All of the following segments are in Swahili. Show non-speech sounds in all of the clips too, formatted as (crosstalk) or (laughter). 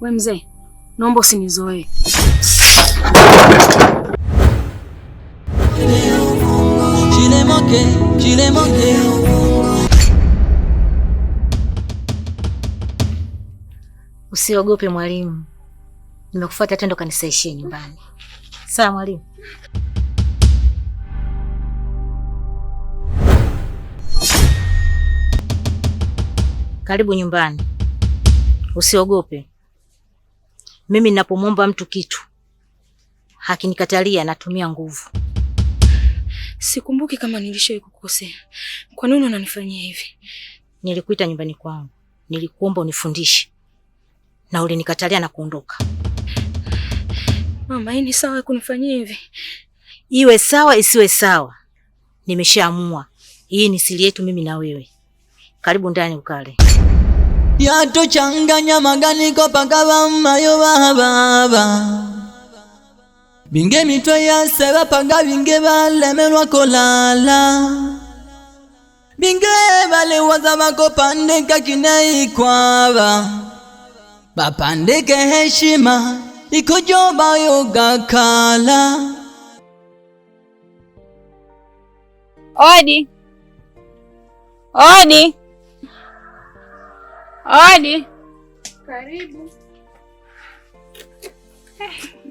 We mzee, naomba usinizoee. Usiogope mwalimu, nimekufuata hata ndo kanisa nyumbani. Sawa mwalimu. Karibu nyumbani, usiogope. Mimi ninapomwomba mtu kitu hakinikatalia, natumia nguvu. Sikumbuki kama nilishawahi kukosea Kwa nini unanifanyia hivi? Nilikuita nyumbani kwangu, nilikuomba unifundishe na ulinikatalia na kuondoka. Mama, hii ni sawa kunifanyia hivi? Iwe sawa isiwe sawa, nimeshaamua. Hii ni siri yetu, mimi na wewe. Karibu ndani ukale yato yatochanganya maganiko mayo wababa binge mitwe ya yase binge vinge melwa kolala vinge pandeka vakopandika ikwava bapandeke heshima ikojo vayogakala odi odi Odi. Karibu.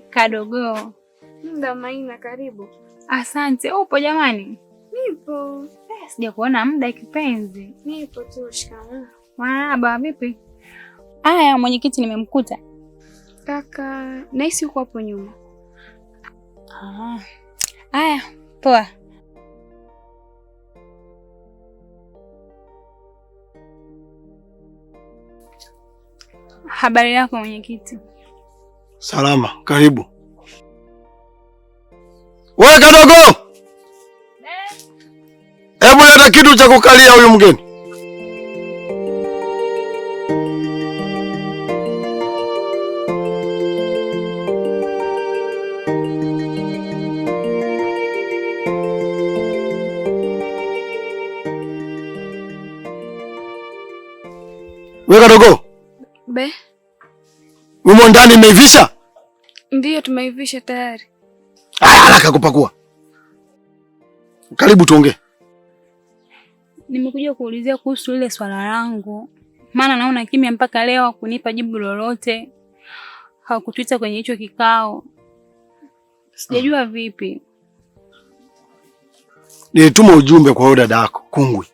kadogo. Muda Maina, karibu. Asante. Upo jamani? Nipo. Eh, sija kuona muda kipenzi. Nipo tu, shikamoo. Marahaba, vipi? Aya, mwenyekiti nimemkuta. Kaka, nahisi uko hapo nyuma. Ah. Aya, poa. Habari yako mwenyekiti? Salama, karibu. We kadogo, eh? hebu leta kitu cha kukalia huyu mgeni. sahani mmeivisha? Ndiyo, tumeivisha tayari. Haya, haraka kupakua. Karibu tuongee. Nimekuja kuulizia kuhusu ile swala langu, maana naona kimya mpaka leo hakunipa jibu lolote, hakutuita kwenye hicho kikao, sijajua ah, vipi. Nilituma ujumbe kwa huyo dada yako Kungwi,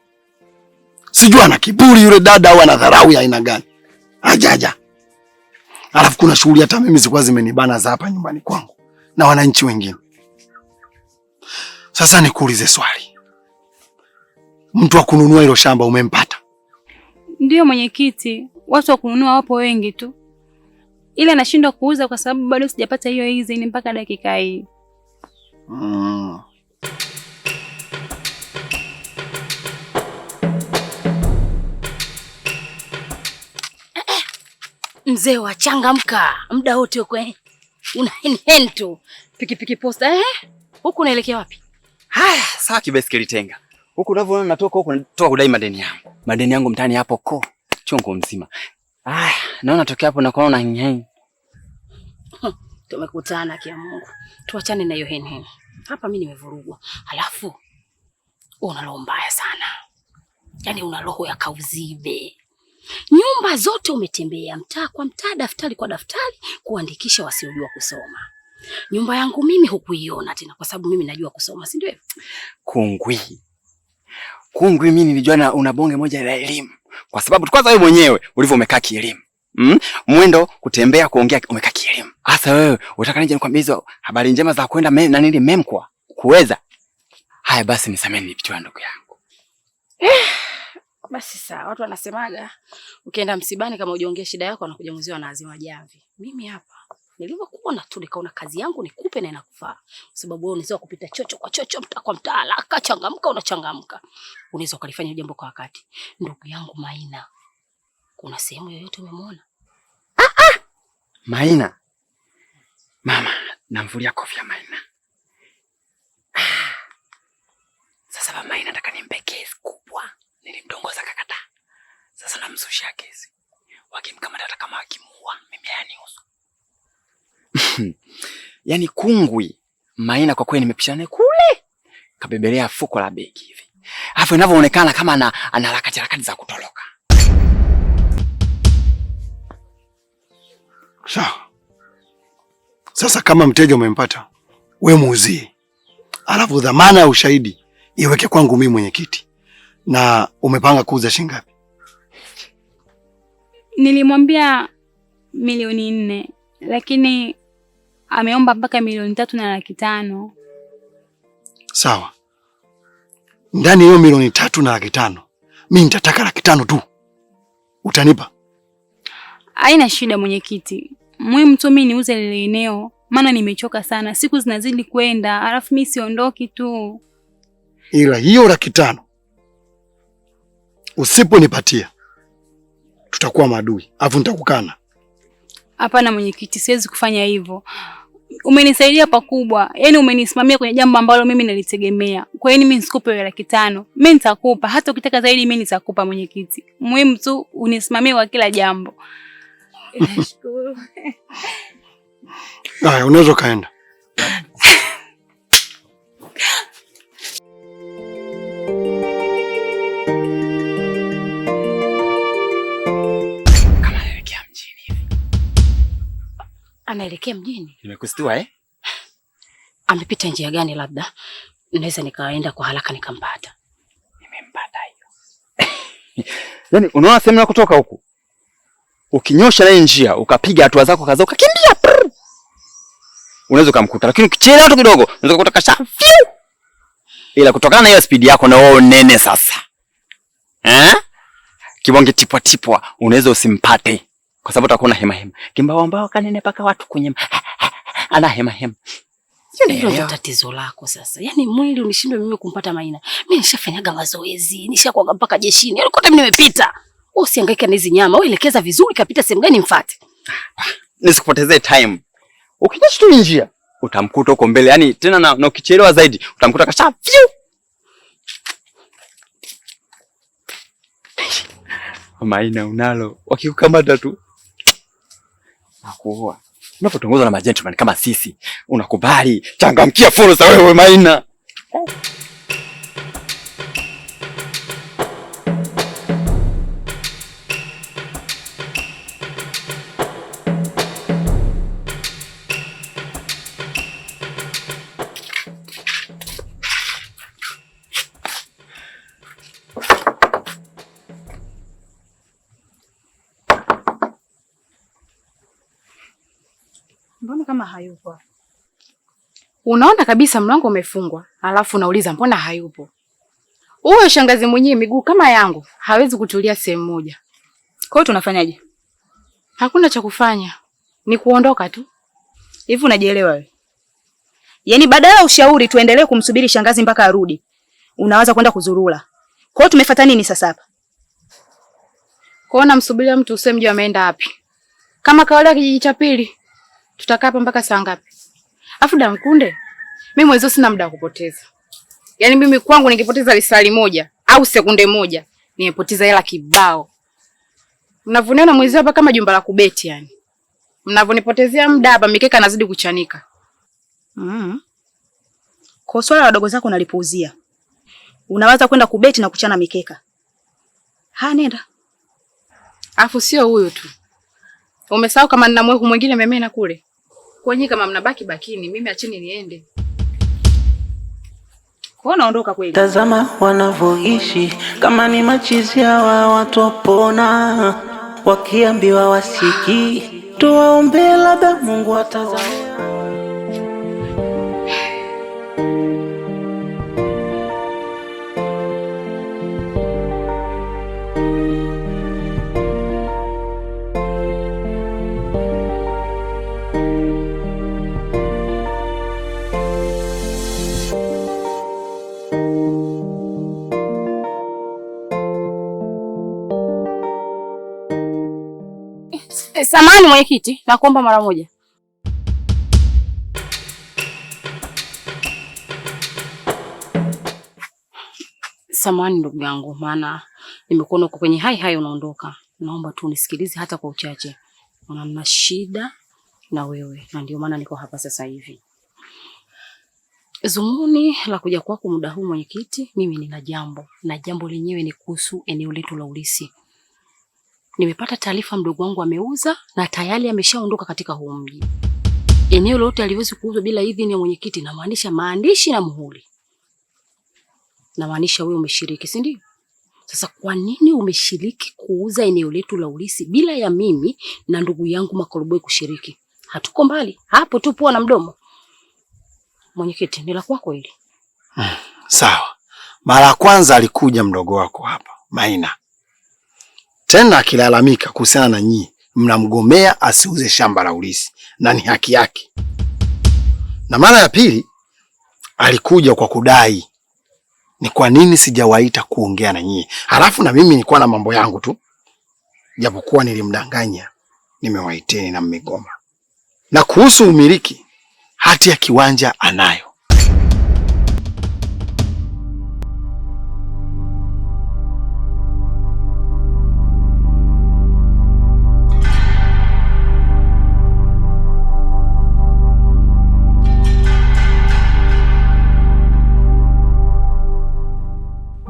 sijua ana kiburi yule dada au ana dharau ya aina gani. Ajaja Alafu kuna shughuli hata mimi zilikuwa zimenibana za hapa nyumbani kwangu na wananchi wengine. Sasa nikuulize swali, mtu wa kununua hilo shamba umempata? Ndiyo mwenyekiti, watu wa kununua wapo wengi tu, ila nashindwa kuuza kwa sababu bado sijapata hiyo idhini mpaka dakika hii mm. mzee wa changamka muda wote uko eh. una hen tu pikipiki posta eh? Huku unaelekea wapi? Haya, sawa kibaisikeli tenga. Huku unavyoona natoka huku natoka kudai madeni yangu. Madeni yangu mtaani hapo ko chungu mzima. Haya, naona tokea hapo na kuona nyenye. Hm, tumekutana kia Mungu. Tuachane na hiyo hen hen. Hapa mimi nimevurugwa. alafu una roho mbaya sana. Yaani una roho ya kauzibe. Nyumba zote umetembea, mtaa kwa mtaa, daftari kwa daftari, kuandikisha wasiojua kusoma. Nyumba yangu mimi hukuiona tena, kwa sababu mimi najua kusoma, si ndio? Kungwi kungwi, mimi nilijua na una bonge moja la elimu, kwa sababu kwanza wewe mwenyewe ulivyo umekaa kielimu Mm? Mwendo kutembea kuongea umekaa kielimu. Hasa wewe unataka nije nikwambie hizo habari njema za kwenda na nini memkwa kuweza. Haya basi nisameni nipitiwa ndugu yangu. Eh. Basi sawa, watu wanasemaga ukienda msibani kama ujaongea shida yako anakuja mzee anaazima jamvi. Mimi hapa nilivyokuona tu nikaona kazi yangu nikupe na inakufaa, kwa sababu wewe unaweza kupita chocho kwa chocho, mta kwa mta, haraka changamka, unachangamka, unaweza ukalifanya jambo kwa wakati. Ndugu yangu Maina, kuna sehemu yoyote umemwona? Ah, ah! Maina mama, namvulia kofia Maina. Ah, sasa Maina nataka Sasa namzushia kesi, wakimkamata hata kama wakimuua mimi hayanihusu. (laughs) Yaani kungwi Maina kwa kweli nimepisha naye kule, kabebelea fuko la begi hivi, alafu inavyoonekana kama ana harakati harakati za kutoroka. Sawa. Sasa kama mteja umempata, we muuzie, alafu dhamana ya ushahidi iweke kwangu mimi mwenyekiti. Na umepanga kuuza shilingi Nilimwambia milioni nne lakini ameomba mpaka milioni tatu na laki tano. Sawa, ndani hiyo milioni tatu na laki tano mi nitataka laki tano tu, utanipa? Haina shida mwenyekiti, muhimu tu mi niuze lile eneo, maana nimechoka sana, siku zinazidi kwenda, alafu mi siondoki tu. Ila hiyo laki tano usiponipatia tutakuwa maadui, afu nitakukana? Hapana mwenyekiti, siwezi kufanya hivyo. Umenisaidia pakubwa, yaani umenisimamia kwenye jambo ambalo mimi nalitegemea. Kwa hiyo mimi nisikupe laki tano, mimi nitakupa hata ukitaka zaidi, mimi nitakupa mwenyekiti. Muhimu tu unisimamie kwa kila jambo. Nashukuru. Haya, unaweza ukaenda. Anaelekea mjini. Nimekustua eh? Amepita njia gani? Labda naweza nikaenda kwa haraka nikampata. Nimempata hiyo. (coughs) Yaani unaona sehemu ya kutoka huku, ukinyosha naye njia ukapiga hatua zako kaza ukakimbia, unaweza ukamkuta, lakini ukichelewa tu kidogo unaweza kukuta kasha. Ila kutokana na hiyo spidi yako na wewe nene sasa, eh, kibonge tipwa tipwa, unaweza usimpate kwa sababu utakuwa na hema hema, kimbao ambao kanene paka watu kunyema, (laughs) ana hema hema. Hiyo ndio ndio tatizo lako sasa. Yaani mwili unishindwe mimi kumpata Maina. Mimi nishafanyaga mazoezi, nishakuwa mpaka jeshini. Yaani kote mimi nimepita. Wewe usihangaike na hizi nyama. Wewe elekeza vizuri kapita sehemu gani mfuate. Nisikupotezee time. Ukija tu njia utamkuta huko mbele. Yaani tena na, na ukichelewa zaidi utamkuta kasha. Maina unalo. Wakikukamata tu na kuoa. Unapotongozwa na magentleman kama sisi, unakubali. Changamkia fursa wewe Maina. hayupo. Unaona kabisa mlango umefungwa, alafu unauliza mbona hayupo. Huyo shangazi mwenyewe miguu kama yangu hawezi kutulia sehemu moja. Kwa hiyo tunafanyaje? Hakuna cha kufanya, ni kuondoka tu. Hivi unajielewa wewe? Yaani badala ya ushauri tuendelee kumsubiri shangazi mpaka arudi, unawaza kwenda kuzurula. Kwa hiyo tumefuata nini sasa hapa? Kwa hiyo namsubiria mtu usemje ameenda wapi? Kama kawaida kijiji cha pili, Tutakaa hapa mpaka saa ngapi? Afu Damkunde, mimi mwezo sina muda wa kupoteza. Yaani mimi kwangu ningepoteza lisali moja au sekunde moja, nimepoteza hela kibao. Mnavuniona na mwezio hapa kama jumba la kubeti yani. Mnavunipotezea muda hapa, mikeka nazidi kuchanika. Mm. Kwa swala wadogo zako nalipuuzia. Unawaza kwenda kubeti na kuchana mikeka. Ha, nenda. Afu sio huyo tu. Umesahau kama nina mweku mwingine memena kule. Kwenye kama mnabaki bakini, mimi acheni niende. Naondoka kweli. Tazama wanavyoishi, kama ni machizi hawa watopona, wakiambiwa wasiki, tuwaombe labda Mungu atazama mwenyekiti, nakuomba mara moja. Samahani ndugu yangu, maana nimekuona uko kwenye hai hai unaondoka. Naomba tu unisikilize hata kwa uchache, una shida na wewe, na ndio maana niko hapa sasa hivi. Zumuni la kuja kwako muda huu mwenyekiti, mimi nina jambo na jambo lenyewe ni kuhusu eneo letu la ulisi. Nimepata taarifa mdogo wangu ameuza na tayari ameshaondoka katika huu mji. Eneo lolote aliwezi kuuzwa bila idhini ya mwenyekiti, na maanisha maandishi na muhuri. Na maanisha wewe umeshiriki, si ndio? Sasa kwa nini umeshiriki kuuza eneo letu la ulisi bila ya mimi na ndugu yangu Makoroboi kushiriki? Hatuko mbali hapo tu, pua na mdomo. Mwenyekiti, ni la kwako hili. Hmm, sawa. Mara ya kwanza alikuja mdogo wako hapa Maina tena akilalamika kuhusiana na nyie mnamgomea asiuze shamba la ulisi na ni haki yake. Na mara ya pili alikuja kwa kudai ni kwa nini sijawaita kuongea na nyie halafu na mimi nilikuwa na mambo yangu tu, japokuwa nilimdanganya nimewaiteni na mmegoma. Na kuhusu umiliki, hati ya kiwanja anayo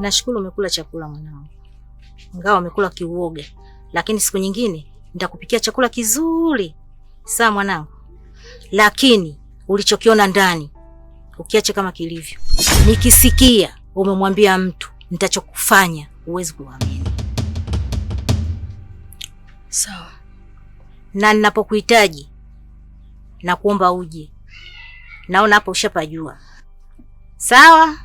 Nashukuru umekula chakula mwanangu, ingawa umekula kiuoga, lakini siku nyingine nitakupikia chakula kizuri. Sawa mwanangu, lakini ulichokiona ndani ukiache kama kilivyo. Nikisikia umemwambia mtu nitachokufanya, huwezi kuamini. Sawa. So, na ninapokuhitaji na kuomba uje, naona hapo ushapajua. Sawa.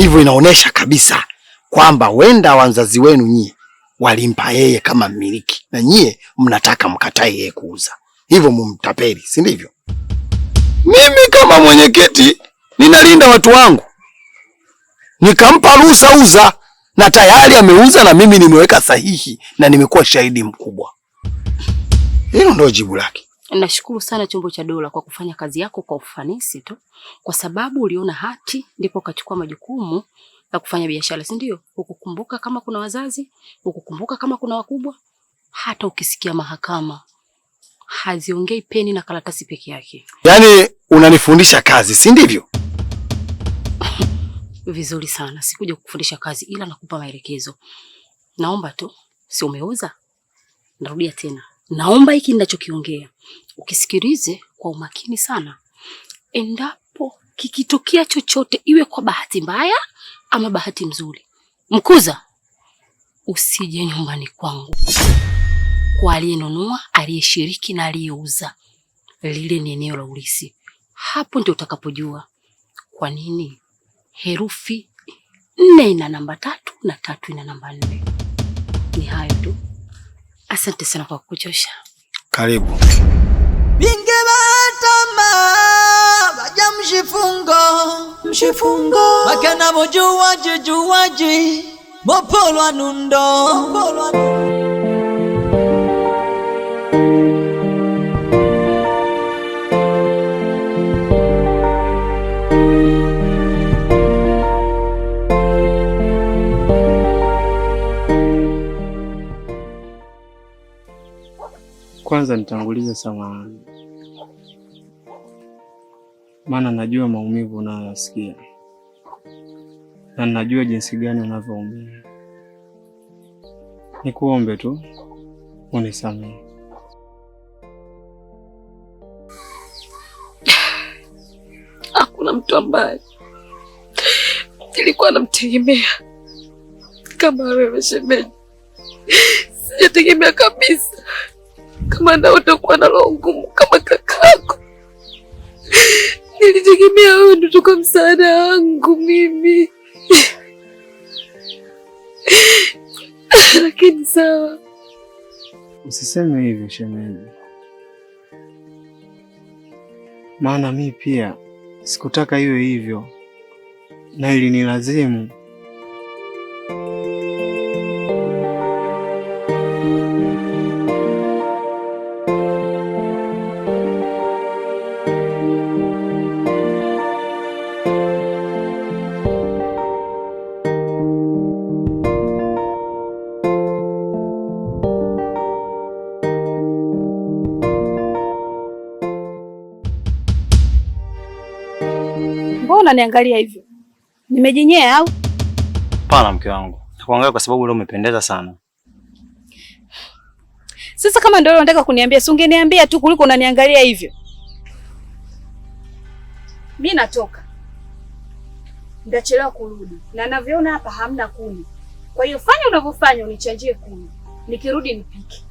Hivyo inaonyesha kabisa kwamba wenda wazazi wenu nyie walimpa yeye kama mmiliki na nyie mnataka mkatae yeye kuuza, hivyo mumtapeli, si ndivyo? Mimi kama mwenyekiti ninalinda watu wangu, nikampa ruhusa uza, na tayari ameuza, na mimi nimeweka sahihi na nimekuwa shahidi mkubwa. Hilo ndio jibu lake. Nashukuru sana chombo cha dola kwa kufanya kazi yako kwa ufanisi tu, kwa sababu uliona hati ndipo ukachukua majukumu ya kufanya biashara, si ndio? Ukukumbuka kama kuna wazazi, ukukumbuka kama kuna wakubwa. Hata ukisikia mahakama haziongei peni na karatasi peke yake. Yaani unanifundisha kazi, si ndivyo? (laughs) Vizuri sana, sikuja kukufundisha kazi, ila nakupa maelekezo. Naomba tu, si umeuza? Narudia tena, Naomba hiki ninachokiongea ukisikilize kwa umakini sana. Endapo kikitokea chochote, iwe kwa bahati mbaya ama bahati nzuri, Mkuza, usije nyumbani kwangu kwa aliyenunua, aliyeshiriki na aliyeuza. Lile ni eneo la ulisi. Hapo ndio utakapojua kwa nini herufi nne ina namba tatu na tatu ina namba nne. Ni hayo tu. Asante sana kwa kukuchosha. Karibu. bingebatama baja mshifungo mshifungo bakana mujuwaji juwaji mopolwa nundo Kwanza nitangulize samahani, maana najua maumivu unayoyasikia na najua jinsi gani unavyoumia. Nikuombe tu unisamehe. Hakuna mtu ambaye nilikuwa namtegemea kama wewe shemeji, sijategemea kabisa kama na utakuwa na roho ngumu kama kakako. Nilitegemea wewe ndio utakuwa msaada wangu mimi lakini sawa. Usiseme hivyo shemeji, maana mi pia sikutaka iwe hivyo na lazimu unaniangalia hivyo? Nimejinyea au? Pana mke wangu. Nakuangalia kwa sababu leo umependeza sana. Sasa kama ndio unataka kuniambia, si ungeniambia tu kuliko unaniangalia hivyo. Mimi natoka. Ndachelewa kurudi. Na ninavyoona hapa hamna kuni. Kwa hiyo fanya unavyofanya unichanjie kuni. Nikirudi nipike.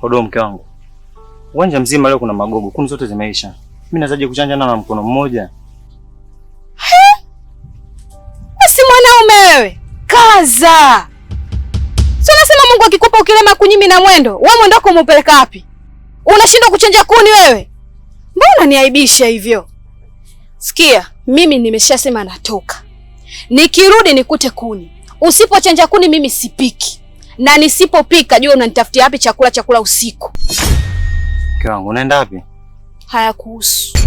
Hodo mke wangu. Uwanja mzima leo kuna magogo. Kuni zote zimeisha. Mimi nazaje kuchanja na mkono mmoja? waza. Sio nasema Mungu akikupa ukilema kunyimi na mwendo, wewe mwendo wako umeupeleka wapi? Unashindwa kuchanja kuni wewe. Mbona niaibisha hivyo? Sikia, mimi nimeshasema natoka. Nikirudi nikute kuni. Usipochanja kuni mimi sipiki. Na nisipopika jua unanitafutia wapi chakula chakula usiku. Kwangu unaenda wapi? Haya kuhusu.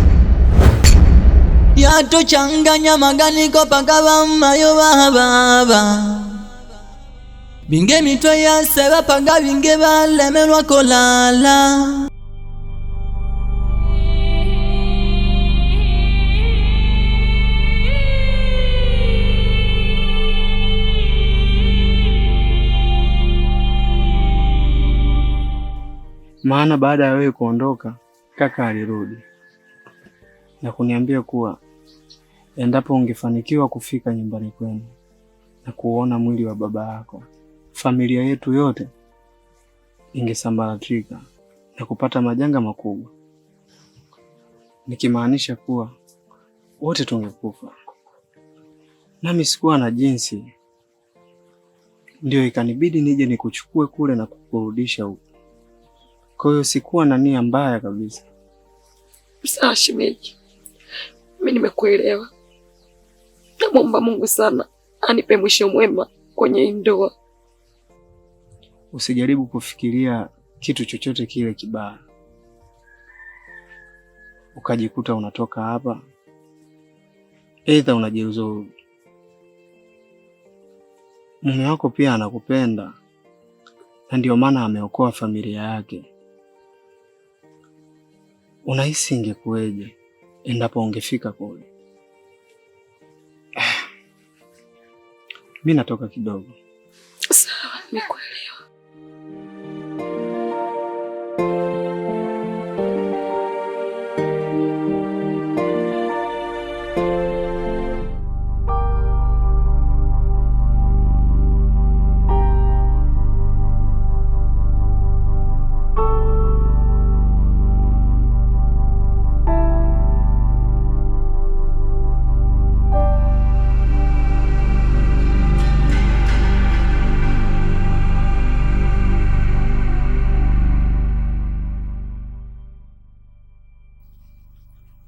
Yato changanya magani kopa kawa mayo baba binge mitwe yase panga binge balemerwa kolala maana baada ya wewe kuondoka kaka alirudi na kuniambia kuwa endapo ungefanikiwa kufika nyumbani kwenu na kuona mwili wa baba yako familia yetu yote ingesambaratika na kupata majanga makubwa, nikimaanisha kuwa wote tungekufa. Nami sikuwa na jinsi, ndio ikanibidi nije nikuchukue kule na kukurudisha huku. Kwa hiyo sikuwa na nia mbaya kabisa. Sawa shemeji, mi nimekuelewa. Namwomba Mungu sana anipe mwisho mwema kwenye ndoa usijaribu kufikiria kitu chochote kile kibaya, ukajikuta unatoka hapa aidha unajiuzuru. Mume wako pia anakupenda na ndio maana ameokoa familia yake. Unahisi ingekuweje endapo ungefika kule? (sighs) Mi natoka kidogo. Sawa,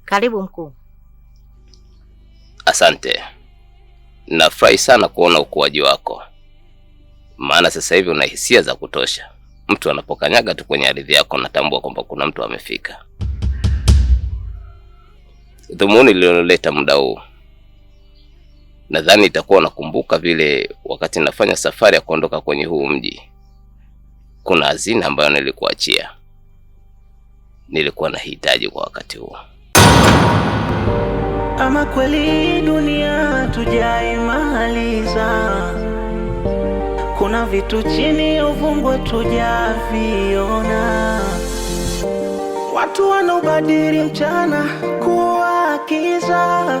Karibu mkuu. Asante. Nafurahi sana kuona ukuaji wako, maana sasa hivi una hisia za kutosha. Mtu anapokanyaga tu kwenye ardhi yako natambua kwamba kuna mtu amefika. Dhumuni lililoleta muda huu, nadhani itakuwa unakumbuka vile wakati nafanya safari ya kuondoka kwenye huu mji, kuna hazina ambayo nilikuachia, nilikuwa nahitaji kwa wakati huo. Ama kweli dunia tujaimaliza, kuna vitu chini ya ufungwa tujaviona. Watu wanaobadili mchana kuwa kiza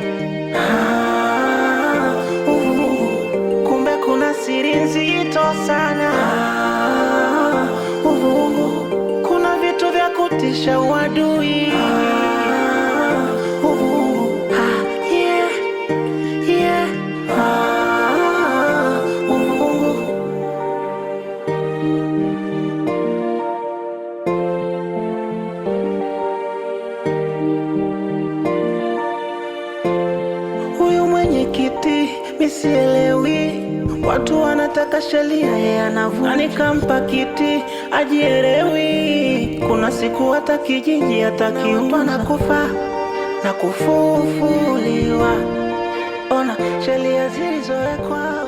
kumbe kuna siri nzito sana ah, uh, kuna vitu vya kutisha uadui ah, siku hata kijiji hata kiumba na kufa na kufufuliwa, ona sheria zilizowekwa